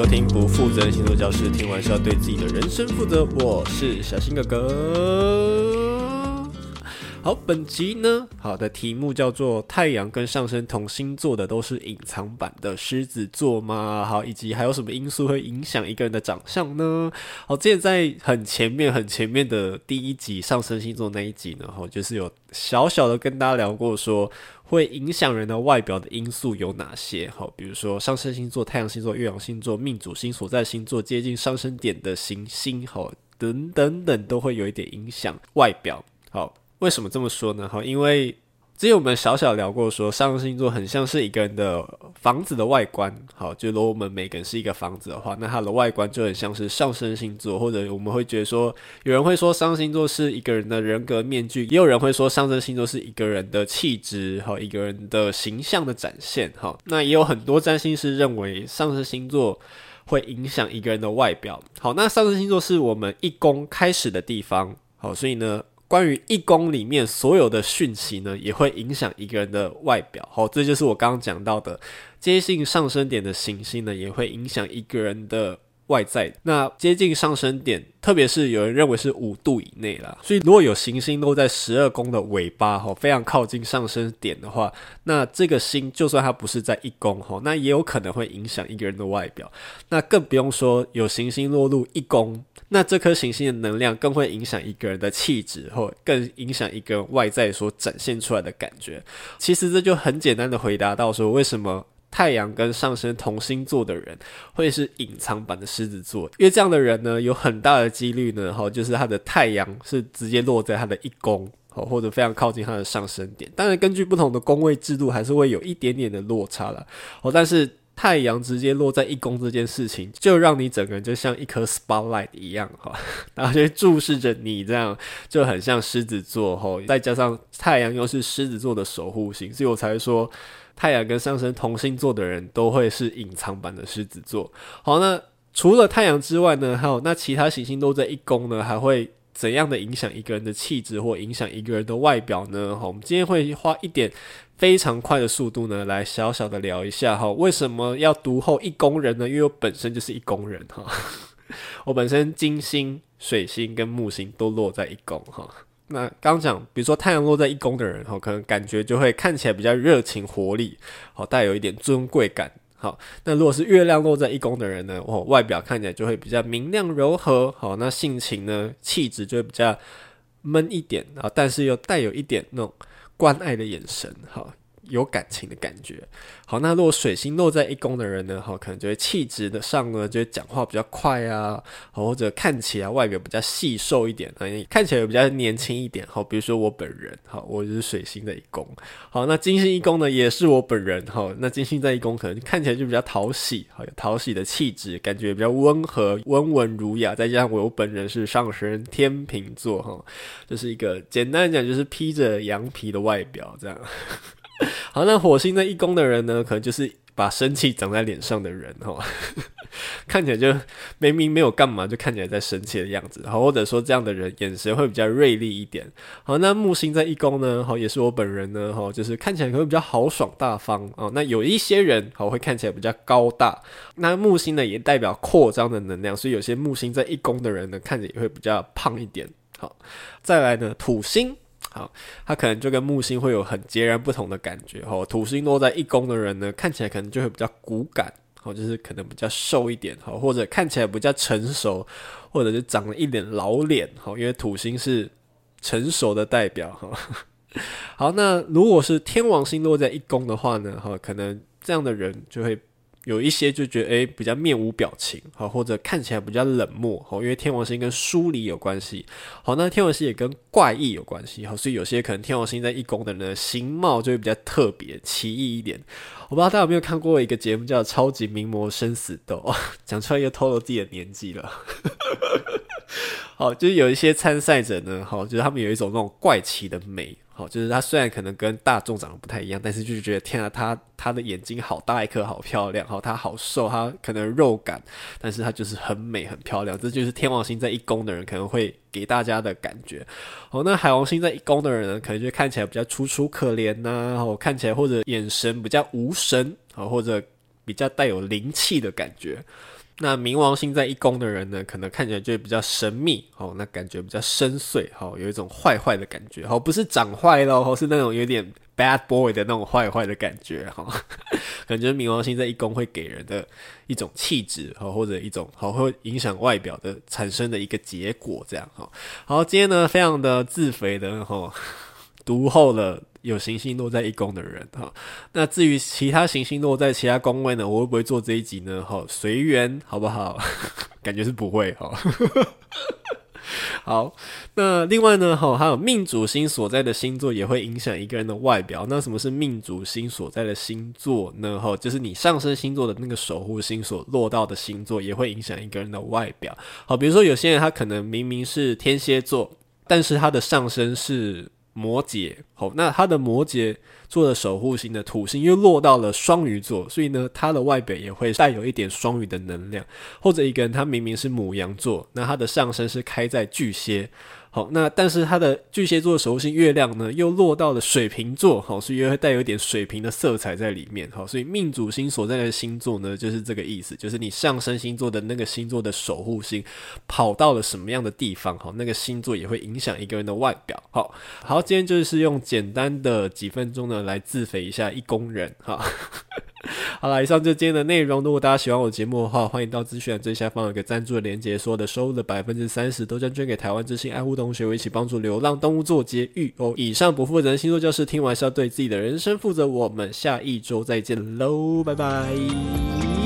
收聽不負責任星座教室，聽完是要對自己的人生負責。我是小新哥哥。好，本集呢，好的題目叫做太陽跟上升同星座的都是隱藏版的獅子座嗎？好，以及還有什麼因素會影響一個人的長相呢？好，之前在很前面、很前面的第一集上升星座那一集呢，哈，就是有小小的跟大家聊過，說會影響人的外表的因素有哪些？好，比如說上升星座、太陽星座、月亮星座、命主星所在星座、接近上升點的行星，哈，等等等都會有一點影響外表。好。為什麼這麼說呢？哈，因為之前我們小小聊過，說上升星座很像是一個人的房子的外觀。好，就如果我們每個人是一個房子的話，那它的外觀就很像是上升星座。或者我們會覺得說，有人會說上升星座是一個人的人格面具，也有人會說上升星座是一個人的氣質和一個人的形象的展現。哈，那也有很多占星師認為上升星座會影響一個人的外表。好，那上升星座是我們一宮開始的地方。好，所以呢。關於一宮裡面所有的訊息呢，也會影響一個人的外表。齁，這就是我剛剛講到的，接近上升點的行星呢，也會影響一個人的外在。那接近上升點，特別是有人認為是五度以內啦。所以，如果有行星落在十二宮的尾巴，齁，非常靠近上升點的話，那這個星就算它不是在一宮，齁，那也有可能會影響一個人的外表。那更不用說有行星落入一宮。那這顆行星的能量更會影響一個人的氣質，或更影響一個人外在所展現出來的感覺。其實這就很簡單的回答到說，為什麼太陽跟上升同星座的人會是隱藏版的獅子座？因為這樣的人呢，有很大的幾率呢，哦，就是他的太陽是直接落在他的一宮，哦，或者非常靠近他的上升點。當然，根據不同的宮位制度，還是會有一點點的落差了。哦，但是。太陽直接落在一宮這件事情，就讓你整個人就像一顆 spotlight 一樣哈，然後就注視着你，這樣就很像獅子座哈。再加上太陽又是獅子座的守護星，所以我才會說太陽跟上升同星座的人都會是隱藏版的獅子座。好，那除了太陽之外呢，還有那其他行星都在一宮呢，還會。怎樣的影響一個人的氣質或影響一個人的外表呢？哈，我們今天會花一點非常快的速度呢，來小小的聊一下哈，為什麼要讀後一宮人呢？因為我本身就是一宮人哈， 我本身金星、水星跟木星都落在一宮哈。那剛講，比如說太陽落在一宮的人哈，可能感覺就會看起來比較熱情、活力，好帶有一點尊貴感。好，那如果是月亮落在一宮的人呢？哦，外表看起來就會比較明亮柔和。好，那性情呢，氣質就會比較悶一點啊，但是又帶有一點那種關愛的眼神。好。有感情的感覺。好，那如果水星落在一宮的人呢？哈、哦，可能就會氣質的上呢，就會講話比較快啊、哦，或者看起來外表比較細瘦一點，看起來比較年輕一點。好、哦，比如說我本人，好、哦，我就是水星的一宮。好，那金星一宮呢，也是我本人。哈、哦，那金星在一宮可能看起來就比較討喜，哦，有討喜的氣質，感覺比較溫和、溫文儒雅。再加上我本人是上升天秤座，哈、哦，就是一個簡單講，就是披着羊皮的外表，這樣。好，那火星在一宮的人呢，可能就是把生氣長在臉上的人哈，哦、 看起來就明明沒有幹嘛，就看起來在生氣的樣子。好，或者說這樣的人眼神會比較銳利一點。好，那木星在一宮呢，好、哦，也是我本人呢，哈、哦，就是看起來會比較豪爽大方啊、哦。那有一些人好、哦、會看起來比較高大。那木星呢，也代表擴張的能量，所以有些木星在一宮的人呢，看起來也會比較胖一點。好，再來呢，土星。好，他可能就跟木星會有很截然不同的感覺，吼，土星落在一宮的人呢，看起來可能就會比較骨感，就是可能比較瘦一點，吼，或者看起來比較成熟，或者是長了一臉老臉吼，因為土星是成熟的代表吼。好，那如果是天王星落在一宮的話呢，吼，可能這樣的人就會。有一些就覺得哎、欸，比較面無表情哈，或者看起來比較冷漠哈，因為天王星跟疏離有關係。好，那天王星也跟怪異有關係，好，所以有些可能天王星在一宮的人形貌，就會比較特別、奇異一點。我不知道大家有沒有看過一個節目叫《超級名模生死鬥》，哦，講出來又透露自己的年紀了。 好，就是有一些參賽者呢，好，就是他們有一種那種怪奇的美。好，就是他雖然可能跟大眾長得不太一樣，但是就是覺得天啊，他他的眼睛好大一顆，好漂亮。好、哦，他好瘦，他可能肉感，但是他就是很美，很漂亮。這就是天王星在一宮的人可能會給大家的感覺。好、哦，那海王星在一宮的人呢，可能就看起來比較楚楚可憐吶、啊。好、哦，看起來或者眼神比較無神。好、哦，或者。比較帶有靈氣的感覺，那冥王星在一宮的人呢，可能看起來就會比較神秘哦，那感覺比較深邃哈、哦，有一種壞壞的感覺，好、哦、不是長壞嘍，是那種有點 bad boy 的那種壞壞的感覺哈，哦、 感覺冥王星在一宮會給人的一種氣質哈，或者一種好、哦、會影響外表的產生的一個結果這樣哈、哦。好，今天呢，非常的自肥的哈，獨、哦、厚了。有行星落在一宮的人哈、哦，那至於其他行星落在其他宮位呢，我會不會做這一集呢？哈、哦，隨緣好不好？ 感覺是不會哈。哦、 好，那另外呢哈，還、哦、有命主星所在的星座也會影響一個人的外表。那什麼是命主星所在的星座呢？哈、哦，就是你上升星座的那個守護星所落到的星座，也會影響一個人的外表。好，比如說有些人他可能明明是天蠍座，但是他的上升是。摩羯，好，oh，那他的摩羯座的守護星的土星又落到了雙魚座，所以呢，他的外表也會帶有一點雙魚的能量，或者一個人他明明是牡羊座，那他的上升是開在巨蟹。哦、那但是他的巨蟹座守護星月亮呢，又落到了水瓶座，好、哦，所以會帶有一點水瓶的色彩在裡面，好、哦，所以命主星所在的星座呢，就是這個意思，就是你上升星座的那個星座的守護星跑到了什麼樣的地方，哈、哦，那個星座也會影響一個人的外表，好、哦，好，今天就是用簡單的幾分鐘呢，來自肥一下一工人，哈、哦。 好了，以上就是今天的內容。如果大家喜歡我的節目的話，歡迎到資訊欄最下方有個贊助的鏈接。所有的收入的百分之三十都將捐給台灣之星愛護動物協會，一起幫助流浪動物做節育哦。以上不負責任星座教室，聽完是要對自己的人生負責。我們下一周再見嘍，拜拜。